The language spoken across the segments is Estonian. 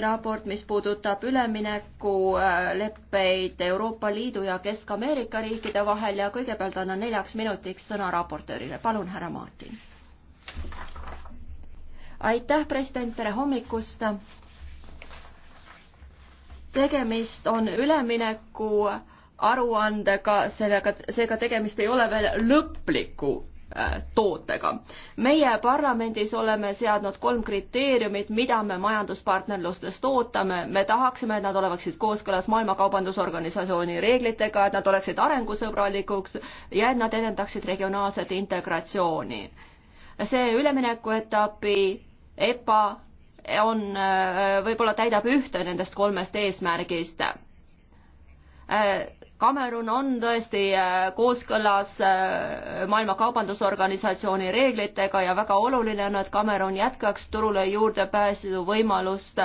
raport, mis puudutab üleminekuleppeid äh, Euroopa Liidu ja Kesk-Ameerika riikide vahel ja kõigepealt annan neljaks minutiks sõna raportöörile. palun, härra Martin. aitäh, president, tere hommikust. tegemist on ülemineku aruandega, sellega, seega tegemist ei ole veel lõpliku Äh, tootega. meie parlamendis oleme seadnud kolm kriteeriumit, mida me majanduspartnerlustest ootame. me tahaksime, et nad oleksid kooskõlas Maailma Kaubandusorganisatsiooni reeglitega, et nad oleksid arengusõbralikuks ja et nad edendaksid regionaalset integratsiooni. see üleminekuetapi EPA on, äh, võib-olla täidab ühte nendest kolmest eesmärgist äh, Kamerun on tõesti äh, kooskõlas äh, Maailma Kaubandusorganisatsiooni reeglitega ja väga oluline on, et Kamerun jätkaks turule juurdepääsu võimalust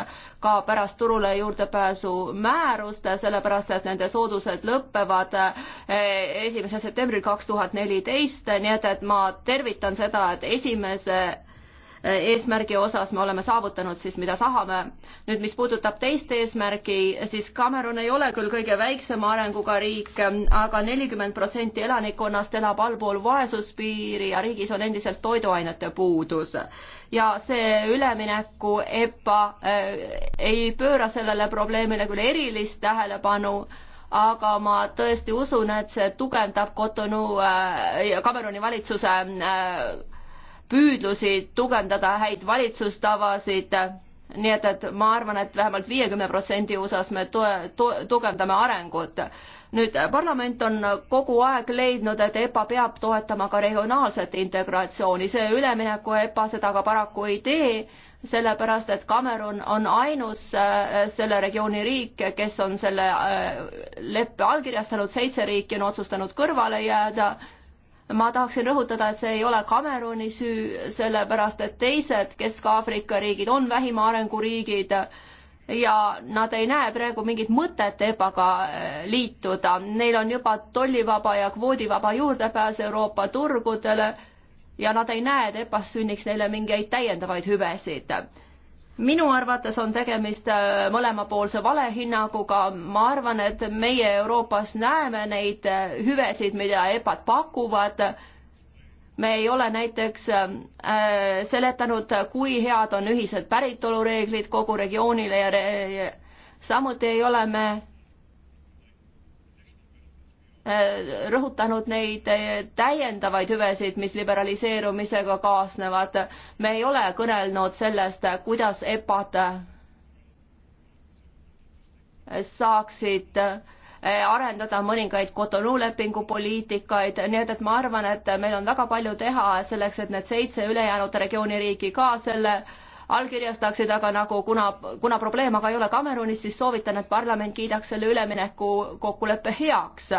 ka pärast turule juurdepääsu määrust, sellepärast et nende soodused lõpevad äh, esimesel septembril kaks tuhat neliteist, nii et, et ma tervitan seda, et esimese eesmärgi osas me oleme saavutanud siis, mida tahame. nüüd, mis puudutab teist eesmärgi, siis Cameron ei ole küll kõige väiksema arenguga riik aga, aga nelikümmend protsenti elanikkonnast elab allpool vaesuspiiri ja riigis on endiselt toiduainete puudus. ja see ülemineku EPA äh, ei pööra sellele probleemile küll erilist tähelepanu, aga ma tõesti usun, et see tugevdab Cotonou äh, ja Cameroni valitsuse äh, püüdlusi tugevdada häid valitsustavasid, nii et, et ma arvan, et vähemalt viiekümne protsendi osas me toe, to-, tugevdame arengut. nüüd parlament on kogu aeg leidnud, et EPA peab toetama ka regionaalset integratsiooni, see ülemineku EPA seda aga paraku ei tee, sellepärast et Kamerun on ainus äh, selle regiooni riik, kes on selle äh, leppe allkirjastanud, seitse riiki on otsustanud kõrvale jääda ma tahaksin rõhutada, et see ei ole Kameruni süü, sellepärast et teised Kesk-Aafrika riigid on vähima arenguriigid ja nad ei näe praegu mingit mõtet EPA-ga äh, liituda. Neil on juba tollivaba ja kvoodivaba juurdepääs Euroopa turgudele ja nad ei näe, et EPA-s sünniks neile mingeid täiendavaid hüvesid minu arvates on tegemist äh, mõlemapoolse valehinnanguga, ma arvan, et meie Euroopas näeme neid äh, hüvesid, mida EPA-d pakuvad. me ei ole näiteks äh, seletanud, kui head on ühised päritolureeglid kogu regioonile ja re samuti ei ole me Äh, rõhutanud neid äh, täiendavaid hüvesid, mis liberaliseerumisega kaasnevad. me ei ole kõnelnud sellest, kuidas EPA-d äh, saaksid arendada mõningaid Cotonou lepingu poliitikaid, nii et, et ma arvan, et meil on väga palju teha selleks, et need seitse ülejäänud regiooni riiki ka selle allkirjastaksid, aga nagu kuna, kuna probleem aga ei ole Kamerunis, siis soovitan, et parlament kiidaks selle ülemineku kokkuleppe heaks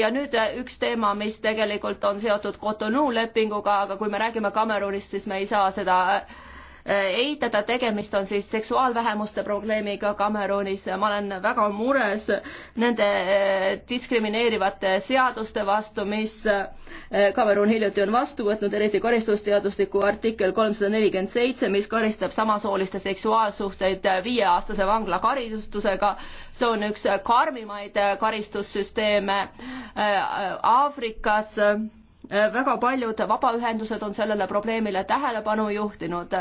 ja nüüd äh, üks teema, mis tegelikult on seotud Cotonou lepinguga, aga kui me räägime Kamerunist, siis me ei saa seda äh, Äh, eitada, tegemist on siis seksuaalvähemuste probleemiga Kameruunis, ma olen väga mures nende äh, diskrimineerivate seaduste vastu, mis äh, Kamerun hiljuti on vastu võtnud, eriti karistusteadusliku artikkel kolmsada nelikümmend seitse, mis karistab samasooliste seksuaalsuhteid viieaastase vanglakaristusega, see on üks karmimaid karistussüsteeme Aafrikas väga paljud vabaühendused on sellele probleemile tähelepanu juhtinud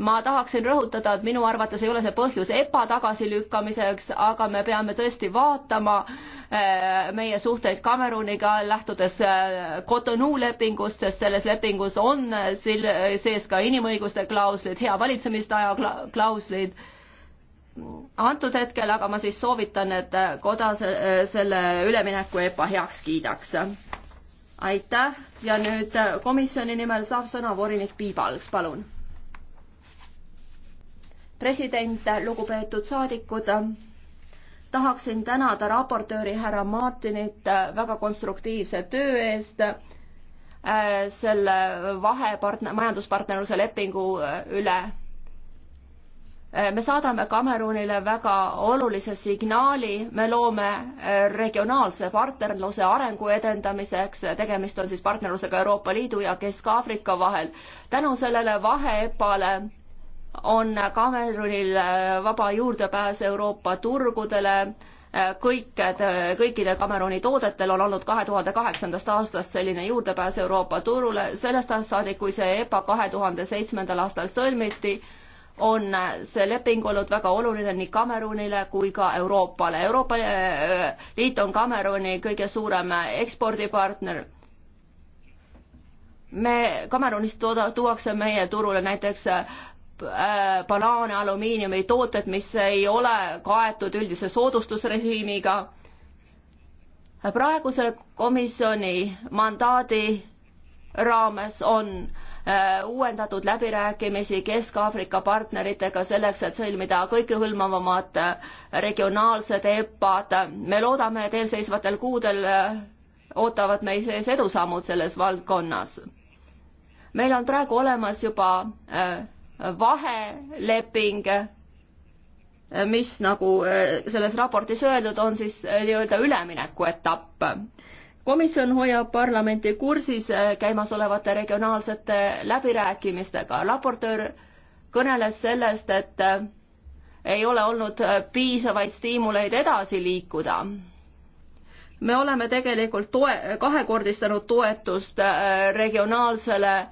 ma tahaksin rõhutada, et minu arvates ei ole see põhjus EPA tagasilükkamiseks, aga me peame tõesti vaatama äh, meie suhteid Kameruniga, lähtudes äh, Cotonou lepingust, sest selles lepingus on äh, sees ka inimõiguste klauslid, hea valitsemistaja klauslid antud hetkel, aga ma siis soovitan, et koda selle ülemineku EPA heaks kiidaks. aitäh ja nüüd komisjoni nimel saab sõna volinik Piibalks, palun president, lugupeetud saadikud, tahaksin tänada raportööri härra Martinit väga konstruktiivse töö eest äh, selle vahepartner, majanduspartnerluse lepingu äh, üle äh, me saadame Kamerunile väga olulise signaali, me loome regionaalse partnerluse arengu edendamiseks, tegemist on siis partnerlusega Euroopa Liidu ja Kesk-Aafrika vahel. tänu sellele vaheepale on Kamerunil äh, vaba juurdepääs Euroopa turgudele, äh, kõik, äh, kõikidel Kameruni toodetel on olnud kahe tuhande kaheksandast aastast selline juurdepääs Euroopa turule, sellest ajast saadik, kui see EPA kahe tuhande seitsmendal aastal sõlmiti, on see leping olnud väga oluline nii Kamerunile kui ka Euroopale. Euroopa Liit on Kameruni kõige suurem ekspordipartner. me, Kamerunist tuuakse meie turule näiteks äh, banaane, alumiiniumi tooted, mis ei ole kaetud üldise soodustusrežiimiga. praeguse komisjoni mandaadi raames on äh, uuendatud läbirääkimisi Kesk-Aafrika partneritega selleks, et sõlmida kõikehõlmavamad äh, regionaalsed EPA-d. me loodame, et eelseisvatel kuudel äh, ootavad meis ees edusammud selles valdkonnas. meil on praegu olemas juba äh, vaheleping, mis nagu eh, selles raportis öeldud, on siis eh, nii-öelda üleminekuetapp. komisjon hoiab parlamenti kursis eh, käimasolevate regionaalsete läbirääkimistega. raportöör kõneles sellest, et ei ole olnud piisavaid stiimuleid edasi liikuda me oleme tegelikult toe, kahekordistanud toetust regionaalsele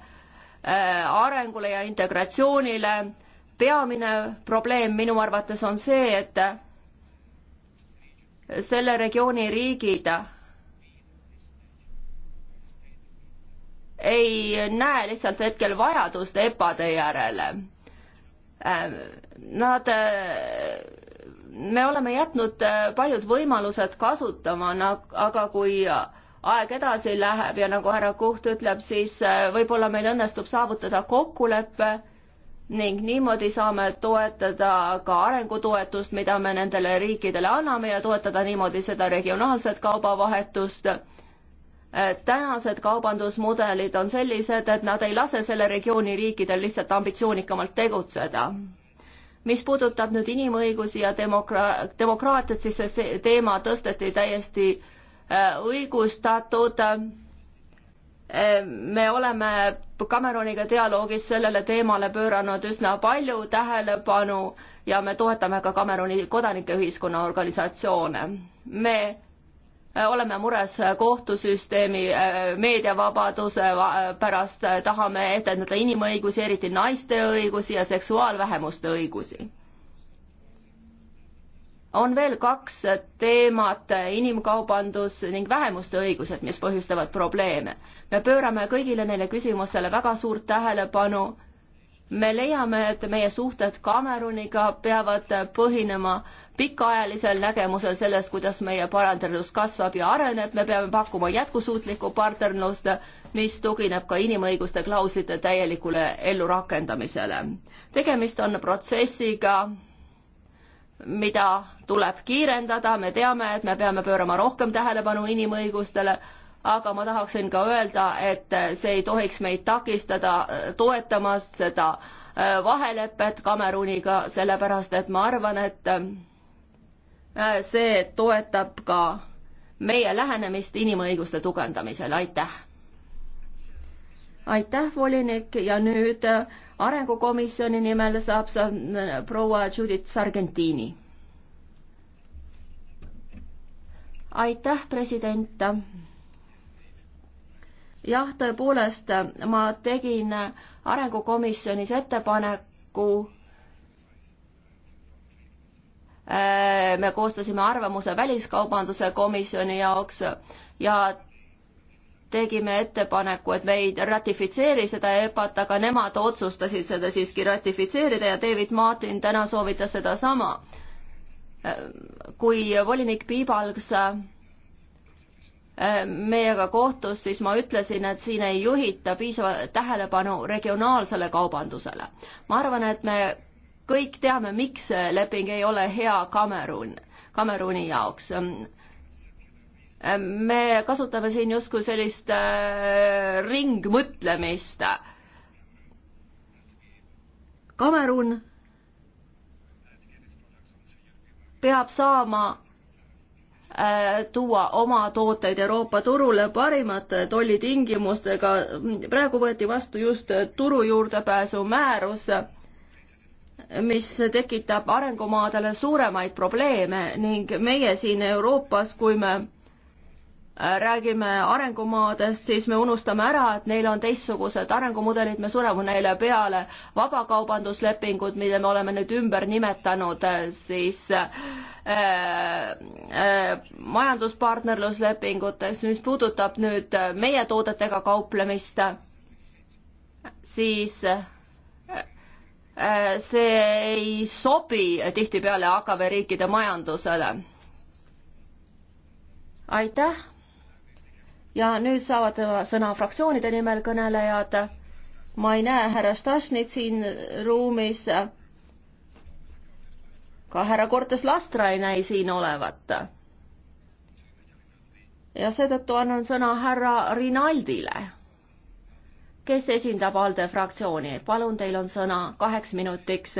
Äh, arengule ja integratsioonile. peamine probleem minu arvates on see, et selle regiooni riigid ei näe lihtsalt hetkel vajadust EPA-de järele. Äh, nad, äh, me oleme jätnud paljud võimalused kasutama, aga kui aeg edasi läheb ja nagu härra Kuht ütleb, siis äh, võib-olla meil õnnestub saavutada kokkulepe ning niimoodi saame toetada ka arengutoetust, mida me nendele riikidele anname ja toetada niimoodi seda regionaalset kaubavahetust. Äh, tänased kaubandusmudelid on sellised, et nad ei lase selle regiooni riikidel lihtsalt ambitsioonikamalt tegutseda mis puudutab nüüd inimõigusi ja demokra-, demokraatiat, siis see teema tõsteti täiesti äh, Äh, õigustatud. Äh, me oleme Cameroniga dialoogis sellele teemale pööranud üsna palju tähelepanu ja me toetame ka Cameroni kodanikeühiskonna organisatsioone. me äh, oleme mures kohtusüsteemi meediavabaduse pärast, tahame etendada inimõigusi, eriti naiste õigusi ja seksuaalvähemuste õigusi on veel kaks teemat, inimkaubandus ning vähemuste õigused, mis põhjustavad probleeme. me pöörame kõigile neile küsimustele väga suurt tähelepanu. me leiame, et meie suhted Kameruniga peavad põhinema pikaajalisel nägemusel sellest, kuidas meie partnerlus kasvab ja areneb, me peame pakkuma jätkusuutlikku partnerlust, mis tugineb ka inimõiguste klauslite täielikule ellurakendamisele. tegemist on protsessiga mida tuleb kiirendada, me teame, et me peame pöörama rohkem tähelepanu inimõigustele, aga ma tahaksin ka öelda, et see ei tohiks meid takistada äh, toetamast seda äh, vahelepet Kameruniga, sellepärast et ma arvan, et äh, see toetab ka meie lähenemist inimõiguste tugevdamisele, aitäh! aitäh, volinik ja nüüd äh, arengukomisjoni nimel saab sa äh, proua Judith Sargentini. aitäh, president. jah, tõepoolest, ma tegin äh, arengukomisjonis ettepaneku me koostasime arvamuse Väliskaubanduse komisjoni jaoks ja tegime ettepaneku, et me ei ratifitseeri seda EPA-t, aga nemad otsustasid seda siiski ratifitseerida ja David Martin täna soovitas sedasama. kui volinik Piibalgs äh, meiega kohtus, siis ma ütlesin, et siin ei juhita piisavalt tähelepanu regionaalsele kaubandusele. ma arvan, et me kõik teame, miks see leping ei ole hea Kamerun, Kameruni jaoks me kasutame siin justkui sellist äh, ringmõtlemist. Kamerun peab saama äh, tuua oma tooteid Euroopa turule parimate tollitingimustega. praegu võeti vastu just turu juurdepääsu määrus, mis tekitab arengumaadele suuremaid probleeme ning meie siin Euroopas, kui me räägime arengumaadest, siis me unustame ära, et neil on teistsugused arengumudelid, me sureme neile peale vabakaubanduslepingud, mille me oleme nüüd ümber nimetanud eh, siis äh, äh, majanduspartnerluslepinguteks, mis puudutab nüüd meie toodetega kauplemist, siis äh, see ei sobi tihtipeale AKV riikide majandusele. aitäh ja nüüd saavad sõna fraktsioonide nimel kõnelejad. ma ei näe härra Stasnit siin ruumis. ka härra Cortes Lastra ei näi siin olevat. ja seetõttu annan sõna härra Rinaldile, kes esindab ALDE fraktsiooni. palun, teil on sõna kaheks minutiks.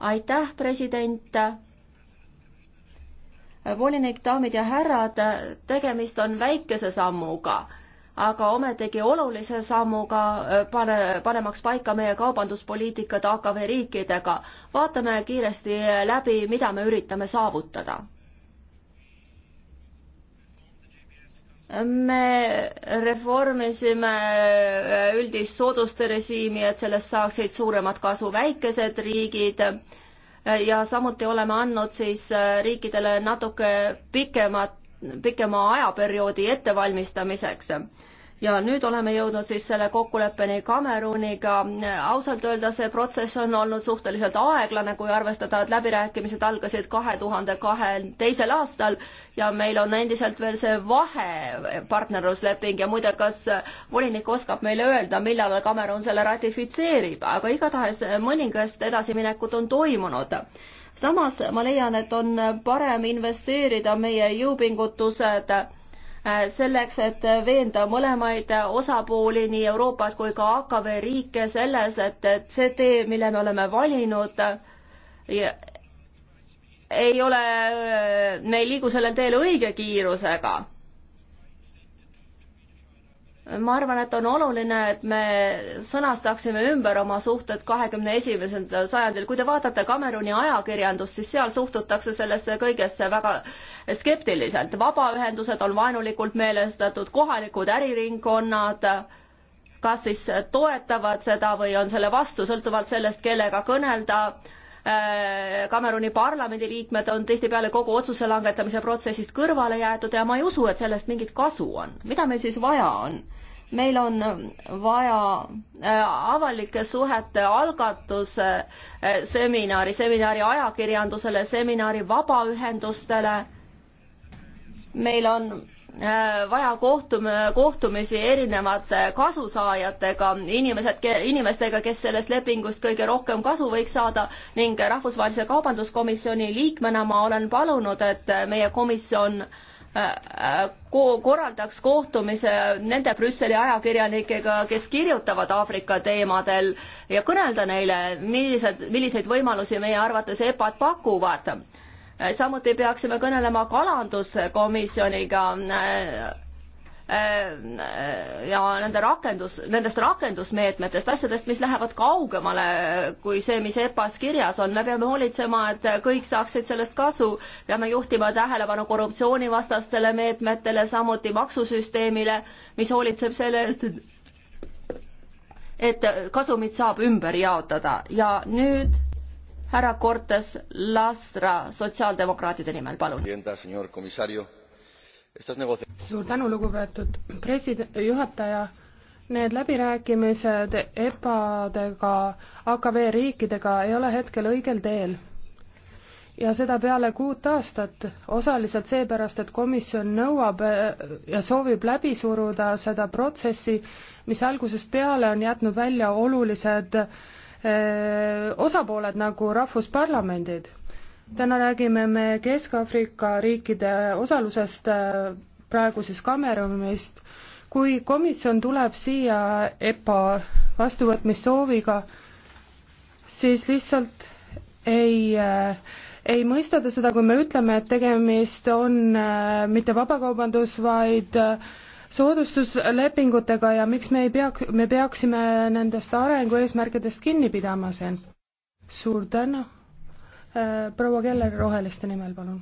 aitäh, president volinik, daamid ja härrad, tegemist on väikese sammuga, aga ometigi olulise sammuga äh, pane, panemaks paika meie kaubanduspoliitikat AKV riikidega. vaatame kiiresti läbi, mida me üritame saavutada me reformisime äh, üldist sooduste režiimi, et sellest saaksid suuremat kasu väikesed riigid ja samuti oleme andnud siis äh, riikidele natuke pikemat, pikema ajaperioodi ettevalmistamiseks ja nüüd oleme jõudnud siis selle kokkuleppeni Kameruniga. ausalt öelda see protsess on olnud suhteliselt aeglane, kui arvestada, et läbirääkimised algasid kahe tuhande kahe teisel aastal ja meil on endiselt veel see vahe partnerlusleping ja muide, kas volinik oskab meile öelda, millal Kamerun selle ratifitseerib, aga igatahes mõningast edasiminekut on toimunud samas ma leian, et on parem investeerida meie jõupingutused äh, Äh, selleks, et veenda mõlemaid osapooli, nii Euroopat kui ka AKV riike selles, et, et see tee, mille me oleme valinud, ei ole, äh, me ei liigu sellel teel õige kiirusega ma arvan, et on oluline, et me sõnastaksime ümber oma suhted kahekümne esimesendal sajandil. kui te vaatate Kameruni ajakirjandust, siis seal suhtutakse sellesse kõigesse väga skeptiliselt. vabaühendused on vaenulikult meelestatud, kohalikud äriringkonnad kas siis toetavad seda või on selle vastu, sõltuvalt sellest, kellega kõnelda. Äh, Kameruni parlamendiliikmed on tihtipeale kogu otsuse langetamise protsessist kõrvale jäetud ja ma ei usu, et sellest mingit kasu on. mida meil siis vaja on? meil on äh, vaja äh, avalike suhete algatuse äh, seminari, seminari ajakirjandusele, seminari vabaühendustele. meil on vaja kohtum-, kohtumisi erinevate kasusaajatega, inimesed, inimestega, kes sellest lepingust kõige rohkem kasu võiks saada ning Rahvusvahelise Kaubanduskomisjoni liikmena ma olen palunud, et meie komisjon äh, korraldaks kohtumise nende Brüsseli ajakirjanikega, kes kirjutavad Aafrika teemadel ja kõnelda neile, millised, milliseid võimalusi meie arvates EPA-d pakuvad. samuti peaksime kõnelema kalanduskomisjoniga Äh, äh, ja nende rakendus, nendest rakendusmeetmetest, asjadest, mis lähevad kaugemale kui see, mis EPA-s kirjas on, me peame hoolitsema, et kõik saaksid sellest kasu, peame juhtima tähelepanu korruptsioonivastastele meetmetele, samuti maksusüsteemile, mis hoolitseb selle eest, et kasumit saab ümber jaotada ja nüüd härra Cortes Lastra sotsiaaldemokraatide nimel, palun suur tänu, lugupeetud president, juhataja. Need läbirääkimised EPA-dega, AKV riikidega ei ole hetkel õigel teel ja seda peale kuut aastat, osaliselt seepärast, et komisjon nõuab äh, ja soovib läbi suruda seda protsessi, mis algusest peale on jätnud välja olulised öö, äh, osapooled nagu rahvusparlamendid täna räägime me Kesk-Aafrika riikide osalusest äh, praegu siis Kamerunist. kui komisjon tuleb siia EPA vastuvõtmissooviga, siis lihtsalt ei äh, ei mõisteta seda, kui me ütleme, et tegemist on äh, mitte vabakaubandus, vaid äh, soodustuslepingutega ja miks me ei peaks, me peaksime nendest arengueesmärkidest kinni pidama siin. suur tänu proua Keller Roheliste nimel, palun.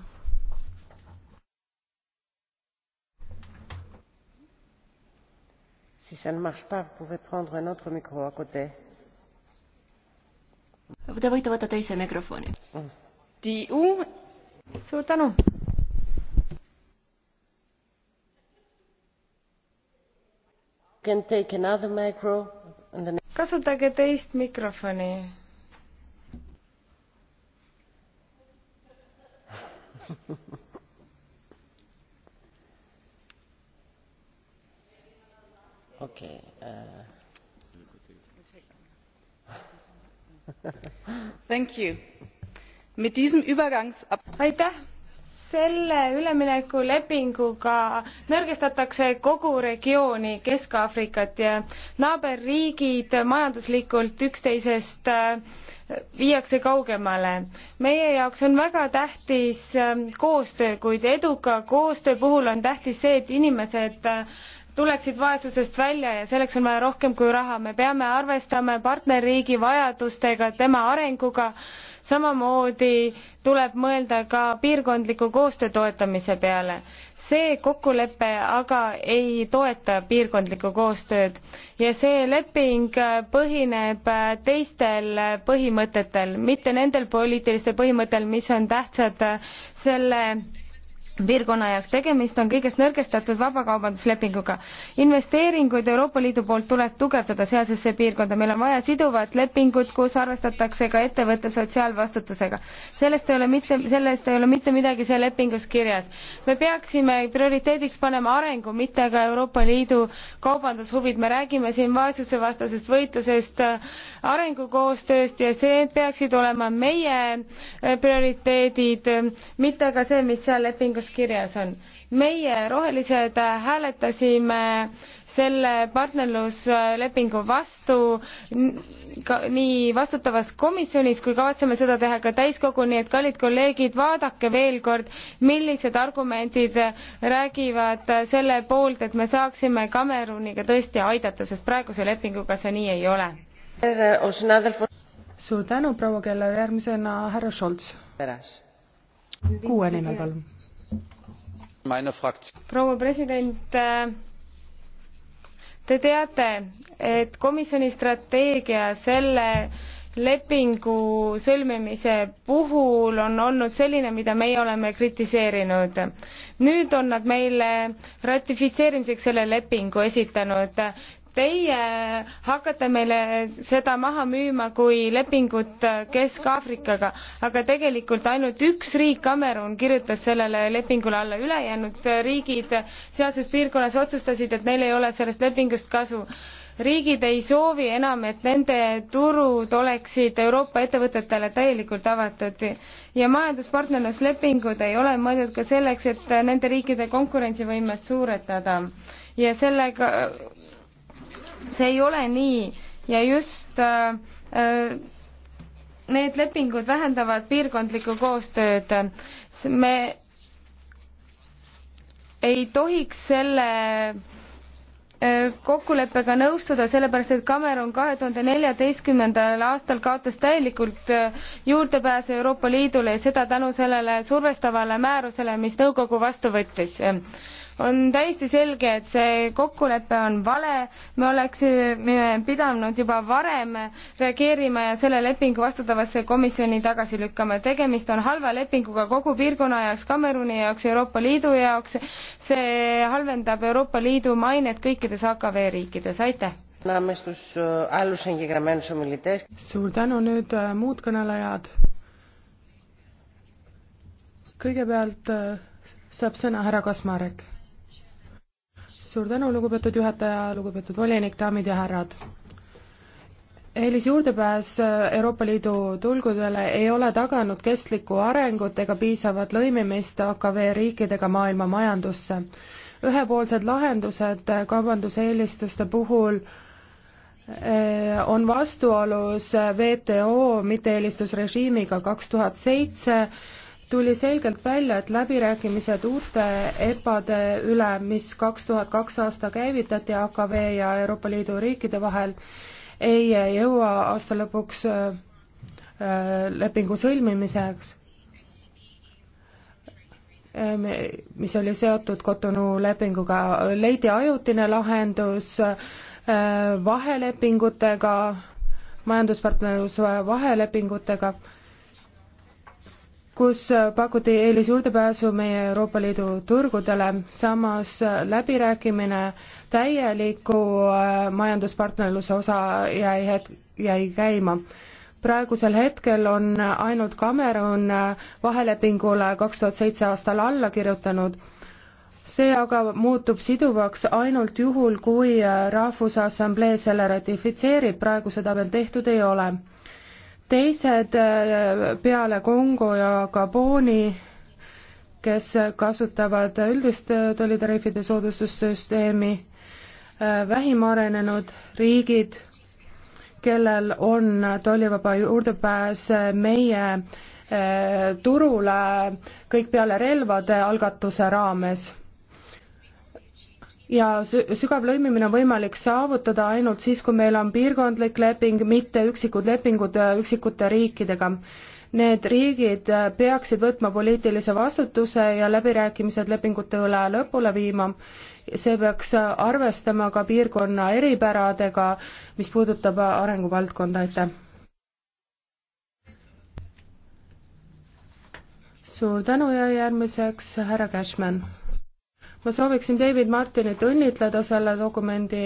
Si ça ne marche pas, vous pouvez prendre un autre micro à côté. Te võite võtta teise mikrofoni. Tiu. Oh. suur tänu. kasutage teist mikrofoni aitäh! selle üleminekulepinguga nõrgestatakse kogu regiooni kesk aafrikat ja naaberriigid majanduslikult üksteisest äh, viiakse kaugemale. meie jaoks on väga tähtis äh, koostöö kuid eduka koostöö puhul on tähtis see et inimesed äh, tuleksid vaesusest välja ja selleks on vaja rohkem kui raha. me peame arvestama partnerriigi vajadustega, tema arenguga, samamoodi tuleb mõelda ka piirkondliku koostöö toetamise peale. see kokkulepe aga ei toeta piirkondlikku koostööd ja see leping põhineb teistel põhimõtetel, mitte nendel poliitilistel põhimõtetel, mis on tähtsad selle piirkonna jaoks. tegemist on kõigest nõrgestatud vabakaubanduslepinguga. investeeringuid Euroopa Liidu poolt tuleb tugevdada sealsesse piirkonda, meil on vaja siduvat lepingut, kus arvestatakse ka ettevõtte sotsiaalvastutusega. sellest ei ole mitte, sellest ei ole mitte midagi seal lepingus kirjas. me peaksime prioriteediks panema arengu, mitte aga Euroopa Liidu kaubandushuvid, me räägime siin vaesusevastasest võitlusest, arengukoostööst ja see peaksid olema meie prioriteedid, mitte aga see, mis seal lepingus selles kirjas on. meie, rohelised, hääletasime selle partnerluslepingu vastu ka, nii vastutavas komisjonis kui kavatseme seda teha ka täiskogu, nii et kallid kolleegid, vaadake veel kord, millised argumendid räägivad selle poolt, et me saaksime Kameruniga tõesti aidata, sest praeguse lepinguga see nii ei ole. suur tänu, proua Keller, järgmisena härra Scholz. kuue nimel, palun proua president äh, te teate et komisjoni strateegia selle lepingu sõlmimise puhul on olnud selline mida meie oleme kritiseerinud nüüd on nad meile ratifitseerimiseks selle lepingu esitanud teie hakkate meile seda maha müüma kui lepingut Kesk-Aafrikaga, aga tegelikult ainult üks riik, Kamerun, kirjutas sellele lepingule alla, ülejäänud riigid sealses piirkonnas otsustasid, et neil ei ole sellest lepingust kasu riigid ei soovi enam, et nende turud oleksid Euroopa ettevõtetele täielikult avatud ja majanduspartnerluslepingud ei ole mõeldud ka selleks, et nende riikide konkurentsivõimet suuretada ja sellega see ei ole nii ja just äh, äh, need lepingud vähendavad piirkondlikku koostööd. me ei tohiks selle äh, kokkuleppega nõustuda, sellepärast et Cameron kahe tuhande neljateistkümnendal aastal kaotas täielikult juurdepääsu Euroopa Liidule ja seda tänu sellele survestavale määrusele, mis nõukogu vastu võttis on täiesti selge, et see kokkulepe on vale, me oleksime pidanud juba varem reageerima ja selle lepingu vastutavasse komisjoni tagasi lükkama. tegemist on halva lepinguga kogu piirkonna jaoks, Kameruni jaoks, Euroopa Liidu jaoks, see halvendab Euroopa Liidu mainet kõikides AKV riikides, aitäh! anname στους άλλους εγγεγραμμένους ομιλητές. Suur tänu nüüd äh, muud kõnelejad. Kõigepealt äh, saab sõna härra Kasmarek suur tänu, lugupeetud juhataja, lugupeetud volinik, daamid ja härrad eelisjuurdepääs äh, Euroopa Liidu tulgudele ei ole taganud kestlikku arengut ega piisavat lõimimist AKV riikidega maailma majandusse. ühepoolsed lahendused äh, kaubanduseelistuste puhul äh, on vastuolus WTO mitte-eelistusrežiimiga kaks tuhat seitse tuli selgelt välja, et läbirääkimised uute EPA-de üle, mis kaks tuhat kaks aasta käivitati AKV ja Euroopa Liidu riikide vahel, ei jõua aasta lõpuks äh, äh, lepingu sõlmimiseks, äh, mis oli seotud Cotonou lepinguga, leidi ajutine lahendus vahelepingutega, majanduspartnerluse vahelepingutega kus äh, pakuti eelis juurdepääsu meie Euroopa Liidu turgudele, samas äh, läbirääkimine täieliku äh, majanduspartnerluse osa jäi het-, jäi käima. praegusel hetkel on ainult Cameron vahelepingule kaks tuhat seitse aastal alla kirjutanud, see aga muutub siduvaks ainult juhul, kui Rahvusassamblee selle ratifitseerib, praegu seda veel tehtud ei ole teised äh, peale Kongo ja Gabooni, kes kasutavad üldist tollitariifide äh, soodustussüsteemi, äh, vähim arenenud riigid, kellel on tollivaba juurdepääs meie turule kõik peale relvade algatuse raames ja sügav lõimimine on võimalik saavutada ainult siis, kui meil on piirkondlik leping, mitte üksikud lepingud äh, üksikute riikidega. Need riigid äh, peaksid võtma poliitilise vastutuse ja läbirääkimised lepingute üle lõpule viima. see peaks äh, arvestama ka piirkonna eripäradega, mis puudutab arenguvaldkonda, aitäh. suur tänu ja järgmiseks härra Cashman ma sooviksin David Martinit õnnitleda selle dokumendi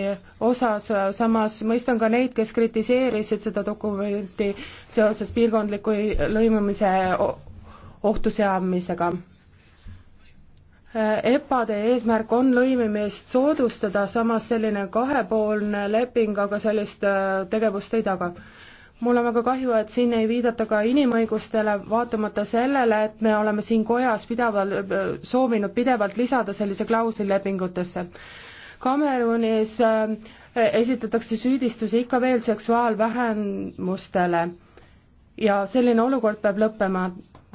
osas, samas mõistan ka neid, kes kritiseerisid seda dokumenti seoses piirkondliku lõimumise ohtu seamisega. EPA-de eesmärk on lõimimist soodustada, samas selline kahepoolne leping aga sellist äh, tegevust ei taga mul on väga kahju, et siin ei viidata ka inimõigustele, vaatamata sellele, et me oleme siin kojas pidevalt, soovinud pidevalt lisada sellise klausli lepingutesse. Kamerunis äh, esitatakse süüdistusi ikka veel seksuaalvähemustele ja selline olukord peab lõppema,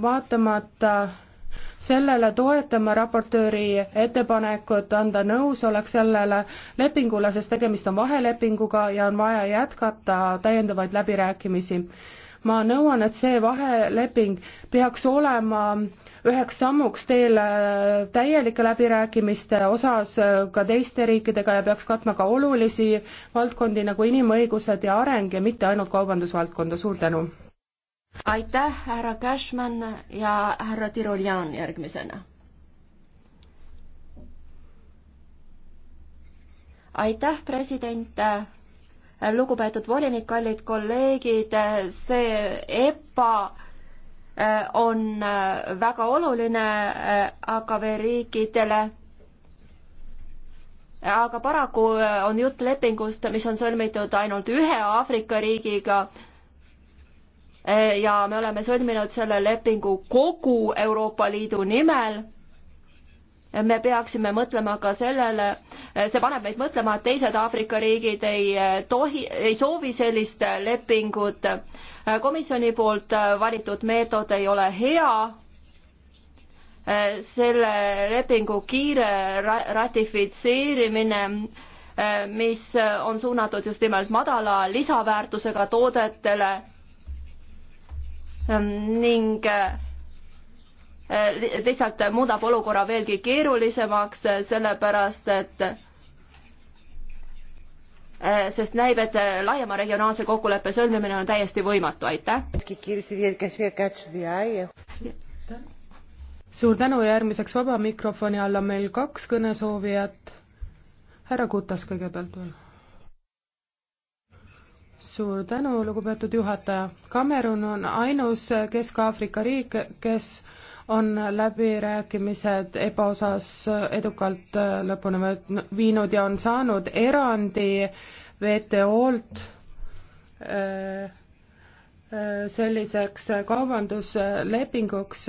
vaatamata sellele toetame raportööri ettepanekut anda nõusolek sellele lepingule, sest tegemist on vahelepinguga ja on vaja jätkata täiendavaid läbirääkimisi. ma nõuan, et see vaheleping peaks olema üheks sammuks teel täielike läbirääkimiste osas ka teiste riikidega ja peaks katma ka olulisi valdkondi nagu inimõigused ja areng ja mitte ainult kaubandusvaldkonda, suur tänu! aitäh, härra Cashman ja härra Tiroljan järgmisena. aitäh, president lugupeetud volinik, kallid kolleegid, see EPA eh, on eh, väga oluline eh, AKV riikidele. aga paraku on jutt lepingust, mis on sõlmitud ainult ühe Aafrika riigiga Eh, ja me oleme sõlminud selle lepingu kogu Euroopa Liidu nimel me peaksime mõtlema ka sellele, eh, see paneb meid mõtlema, et teised Aafrika riigid ei eh, tohi, ei soovi sellist lepingut. komisjoni poolt valitud meetod ei ole hea. selle lepingu kiire ratifitseerimine, mis on suunatud just nimelt madala lisaväärtusega toodetele Ehm, ning eh, lihtsalt muudab olukorra veelgi keerulisemaks, eh, sellepärast et eh, sest näib, et laiema regionaalse kokkuleppe sõlmimine on täiesti võimatu, aitäh. suur tänu ja järgmiseks vaba mikrofoni all on meil kaks kõnesoovijat. härra Kutas kõigepealt veel suur tänu, lugupeetud juhataja. Kamerun on ainus Kesk-Aafrika riik, kes on läbirääkimised ebaosas edukalt äh, lõpuni viinud ja on saanud erandi WTO-lt äh, äh, selliseks kaubanduslepinguks.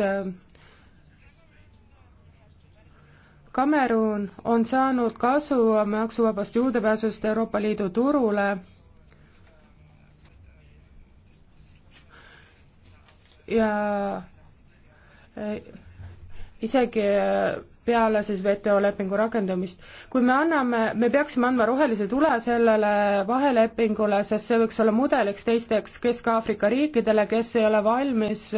Kamerun on saanud kasu maksuvabast juurdepääsust Euroopa Liidu turule ja isegi peale siis WTO lepingu rakendumist. kui me anname, me peaksime andma rohelise tule sellele vahelepingule, sest see võiks olla mudeliks teisteks Kesk-Aafrika riikidele, kes ei ole valmis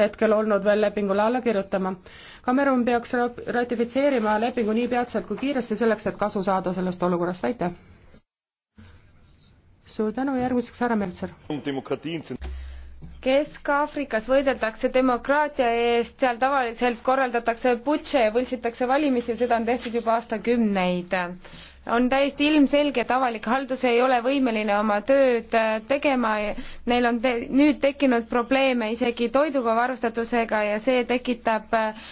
hetkel olnud veel lepingule alla kirjutama. Kamerun peaks ratifitseerima lepingu nii peatselt kui kiiresti selleks, et kasu saada sellest olukorrast, aitäh! suur tänu, järgmiseks härra Meltser! Kesk-Aafrikas võideldakse demokraatia eest, seal tavaliselt korraldatakse putše ja võltsitakse valimisi, seda on tehtud juba aastakümneid on täiesti ilmselge, et avalik haldus ei ole võimeline oma tööd äh, tegema, neil on te nüüd tekkinud probleeme isegi toiduga varustatusega ja see tekitab äh,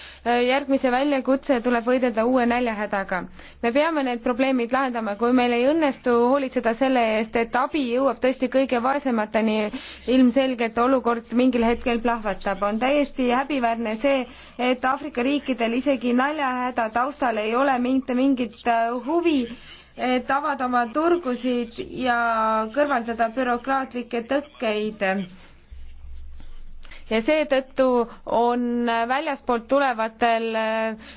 järgmise väljakutse, tuleb võidelda uue näljahädaga. me peame need probleemid lahendama, kui meil ei õnnestu hoolitseda selle eest, et abi jõuab tõesti kõige vaesemateni, ilmselgelt olukord mingil hetkel plahvatab. on täiesti häbiväärne see, et Aafrika riikidel isegi näljahäda taustal ei ole mitte mingit äh, huvi et avada oma turgusid ja kõrvaldada bürokraatlikke tõkkeid. ja seetõttu on väljaspoolt tulevatel äh,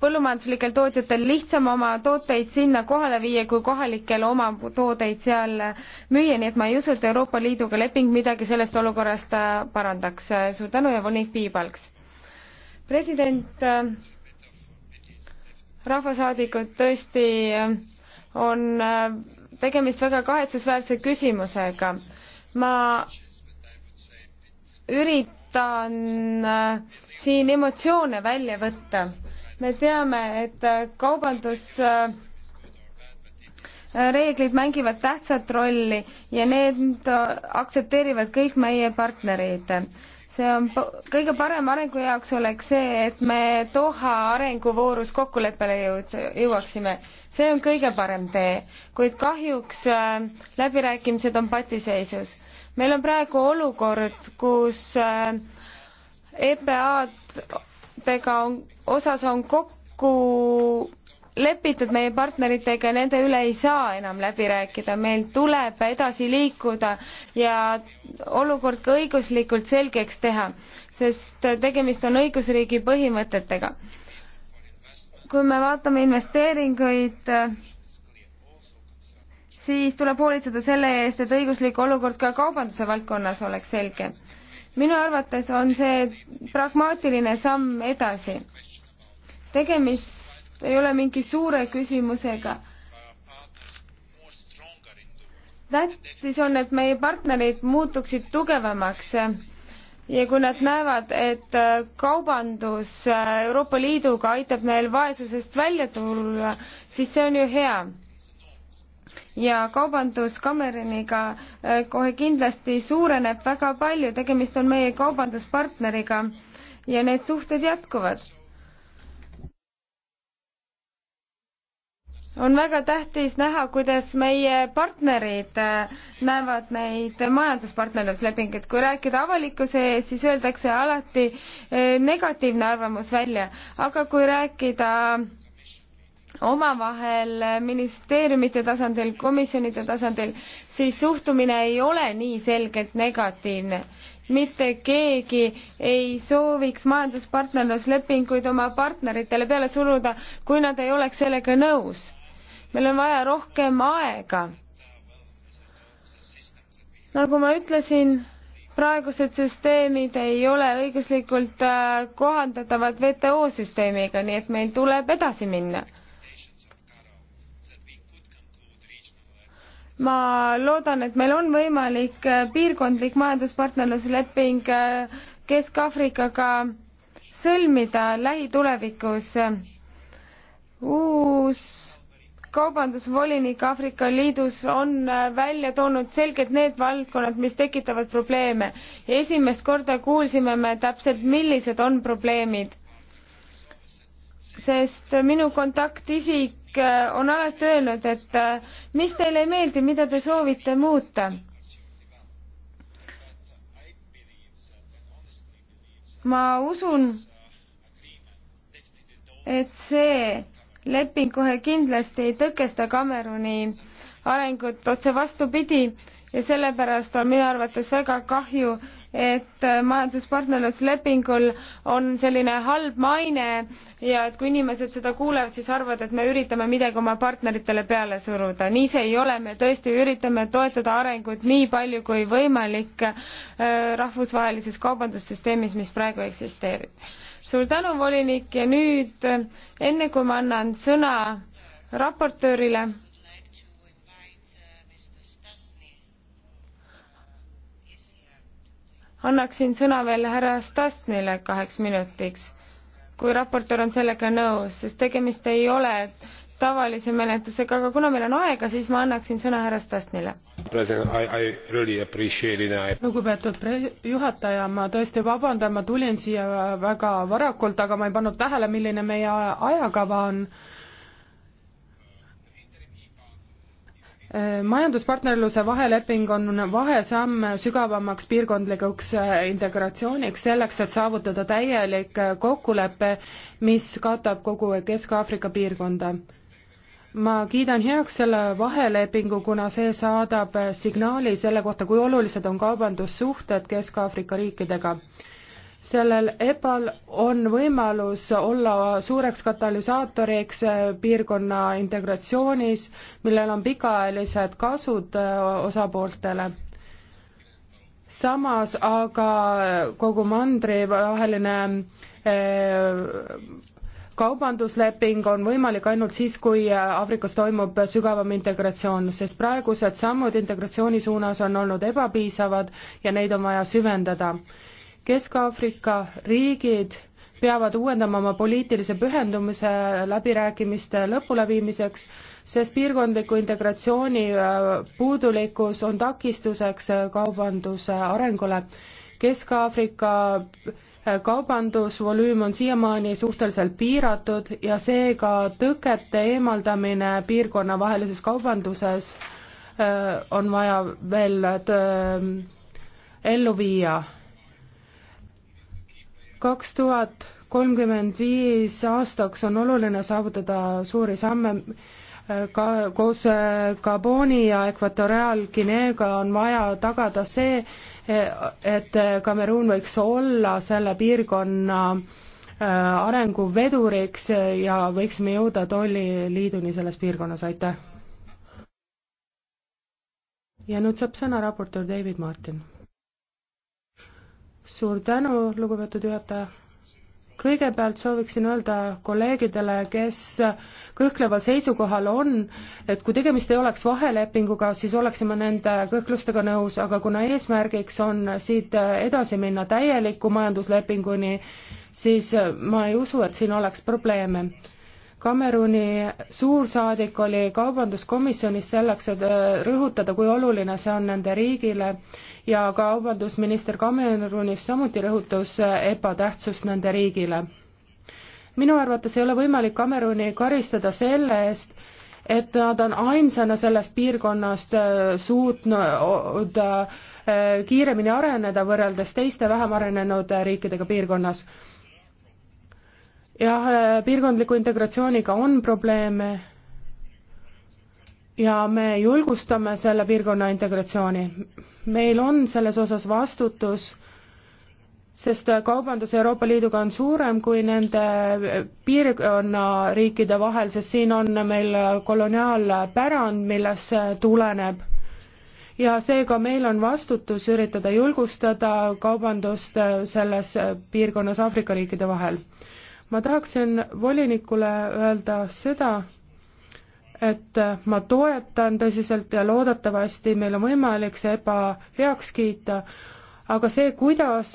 põllumajanduslikel tootjatel lihtsam oma tooteid sinna kohale viia, kui kohalikel oma tooteid seal müüa, nii et ma ei usu, et Euroopa Liiduga leping midagi sellest olukorrast äh, parandaks. suur tänu ja volinik Piibalks. president äh, rahvasaadikud tõesti on äh, tegemist väga kahetsusväärse küsimusega. ma üritan äh, siin emotsioone välja võtta. me teame, et äh, kaubandus reeglid mängivad tähtsat rolli ja need aktsepteerivad kõik meie partnerid see on kõige parem arengu jaoks oleks see, et me Doha arenguvoorus kokkuleppele jõuaksime. see on kõige parem tee, kuid kahjuks äh, läbirääkimised on patiseisus. meil on praegu olukord, kus äh, EPA-dega on, osas on kokku lepitud meie partneritega, nende üle ei saa enam läbi rääkida, meil tuleb edasi liikuda ja olukord ka õiguslikult selgeks teha, sest tegemist on õigusriigi põhimõtetega. kui me vaatame investeeringuid, siis tuleb hoolitseda selle eest, et õiguslik olukord ka kaubanduse valdkonnas oleks selge. minu arvates on see pragmaatiline samm edasi. tegemist ei ole mingi suure küsimusega. tähtis on, et meie partnerid muutuksid tugevamaks ja kui nad näevad, et äh, kaubandus äh, Euroopa Liiduga aitab neil vaesusest välja tulla, siis see on ju hea. ja kaubandus Cameroniga äh, kohe kindlasti suureneb väga palju, tegemist on meie kaubanduspartneriga ja need suhted jätkuvad on väga tähtis näha, kuidas meie partnerid äh, näevad neid majanduspartnerluslepinguid. kui rääkida avalikkuse ees, siis öeldakse alati äh, negatiivne arvamus välja, aga kui rääkida omavahel äh, ministeeriumite tasandil, komisjonide tasandil, siis suhtumine ei ole nii selgelt negatiivne mitte keegi ei sooviks majanduspartnerluslepinguid oma partneritele peale suruda, kui nad ei oleks sellega nõus meil on vaja rohkem aega. nagu ma ütlesin, praegused süsteemid ei ole õiguslikult äh, kohandatavad WTO süsteemiga, nii et meil tuleb edasi minna. ma loodan, et meil on võimalik äh, piirkondlik majanduspartnerlusleping äh, Kesk-Aafrikaga sõlmida lähitulevikus. uus kaubandusvolinik Aafrika Liidus on äh, välja toonud selgelt need valdkonnad, mis tekitavad probleeme. ja esimest korda kuulsime me täpselt, millised on probleemid. sest minu kontaktisik äh, on alati öelnud, et äh, mis teile ei meeldi, mida te soovite muuta ma usun, et see leping kohe kindlasti ei tõkesta Kameruni arengut, otse vastupidi, ja sellepärast on minu arvates väga kahju, et majanduspartnerluslepingul on selline halb maine ja et kui inimesed seda kuulevad, siis arvavad, et me üritame midagi oma partneritele peale suruda. nii see ei ole, me tõesti üritame toetada arengut nii palju kui võimalik äh, rahvusvahelises kaubandussüsteemis, mis praegu eksisteerib. suur tänu, volinik, ja nüüd äh, enne kui ma annan sõna raportöörile annaksin sõna veel härra Stasnile kaheks minutiks, kui raportöör on sellega nõus, sest tegemist ei ole tavalise menetlusega, aga kuna meil on aega, siis ma annaksin sõna härra Stasnile. Really lugupeetud pre-, juhataja, ma tõesti vabandan, ma tulin siia väga varakult, aga ma ei pannud tähele, milline meie ajakava on majanduspartnerluse vaheleping on vahesamm sügavamaks piirkondlikuks äh, integratsiooniks selleks, et saavutada täielik äh, kokkulepe, mis katab kogu Kesk-Aafrika piirkonda. ma kiidan heaks selle vahelepingu, kuna see saadab äh, signaali selle kohta, kui olulised on kaubandussuhted Kesk-Aafrika riikidega sellel EPA-l on võimalus olla suureks katalüsaatoriks eh, piirkonna integratsioonis, millel on pikaajalised kasud eh, osapooltele. samas aga kogu mandri vaheline eh, kaubandusleping on võimalik ainult siis, kui Aafrikas toimub sügavam integratsioon, sest praegused sammud integratsiooni suunas on olnud ebapiisavad ja neid on vaja süvendada Kesk-Aafrika riigid peavad uuendama oma poliitilise pühendumise läbirääkimiste lõpuleviimiseks, sest piirkondliku integratsiooni äh, puudulikkus on takistuseks äh, kaubanduse arengule. Kesk-Aafrika äh, kaubandusvolüüm on siiamaani suhteliselt piiratud ja seega tõkete eemaldamine piirkonnavahelises kaubanduses on vaja veel ellu viia kaks tuhat kolmkümmend viis aastaks on oluline saavutada suuri samme, ka koos äh, Gaboni ja Ekvatoriaalguineega on vaja tagada see, e, et äh, Kameruun võiks olla selle piirkonna äh, arenguveduriks ja võiksime jõuda tolliliiduni selles piirkonnas, aitäh! ja nüüd saab sõna raportöör David Martin suur tänu, lugupeetud juhataja. kõigepealt sooviksin öelda kolleegidele, kes kõhkleval seisukohal on, et kui tegemist ei oleks vahelepinguga, siis oleksime nende kõhklustega nõus, aga kuna eesmärgiks on siit edasi minna täieliku majanduslepinguni, siis ma ei usu, et siin oleks probleeme Kameruni suursaadik oli kaubanduskomisjonis selleks, et rõhutada, kui oluline see on nende riigile ja kaubandusminister Cameronis samuti rõhutas äh, EPA tähtsust nende riigile. minu arvates ei ole võimalik Cameroni karistada selle eest, et nad on ainsana sellest piirkonnast äh, suutnud äh, kiiremini areneda võrreldes teiste vähem arenenud riikidega piirkonnas. jah, piirkondliku integratsiooniga on probleeme ja me julgustame selle piirkonna integratsiooni meil on selles osas vastutus, sest kaubandus Euroopa Liiduga on suurem kui nende piirkonna riikide vahel, sest siin on meil koloniaalpärand, millest see tuleneb. ja seega meil on vastutus üritada julgustada kaubandust selles piirkonnas Aafrika riikide vahel. ma tahaksin volinikule öelda seda, et ma toetan tõsiselt ja loodetavasti meil on võimalik see EBA heaks kiita, aga see, kuidas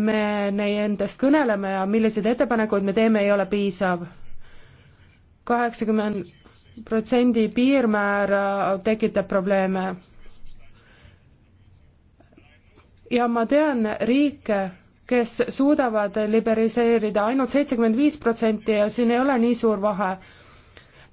me nendest kõneleme ja milliseid ettepanekuid me teeme, ei ole piisav. kaheksakümmend protsendi piirmäär tekitab probleeme. ja ma tean riike, kes suudavad liberaliseerida ainult seitsekümmend viis protsenti ja siin ei ole nii suur vahe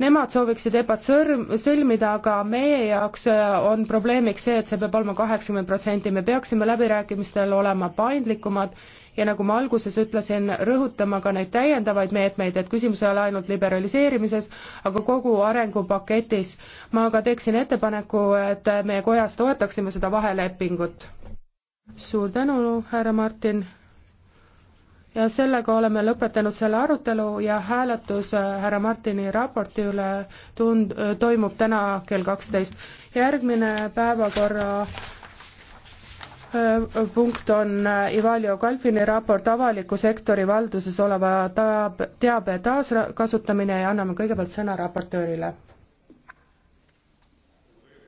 nemad sooviksid EPA-t sõrm, sõlmida, aga meie jaoks äh, on probleemiks see, et see peab olema kaheksakümmend protsenti, me peaksime läbirääkimistel olema paindlikumad ja nagu ma alguses ütlesin, rõhutama ka neid täiendavaid meetmeid, et küsimus ei ole ainult liberaliseerimises, aga kogu arengupaketis. ma aga teeksin ettepaneku, et meie kojas toetaksime seda vahelepingut. suur tänu, härra Martin ja sellega oleme lõpetanud selle arutelu ja hääletus äh, härra Martini raporti üle tund-, äh, toimub täna kell kaksteist. järgmine päevakorra äh, punkt on Ivalio Kalfini raport avaliku sektori valduses oleva teabe taaskasutamine ja anname kõigepealt sõna raportöörile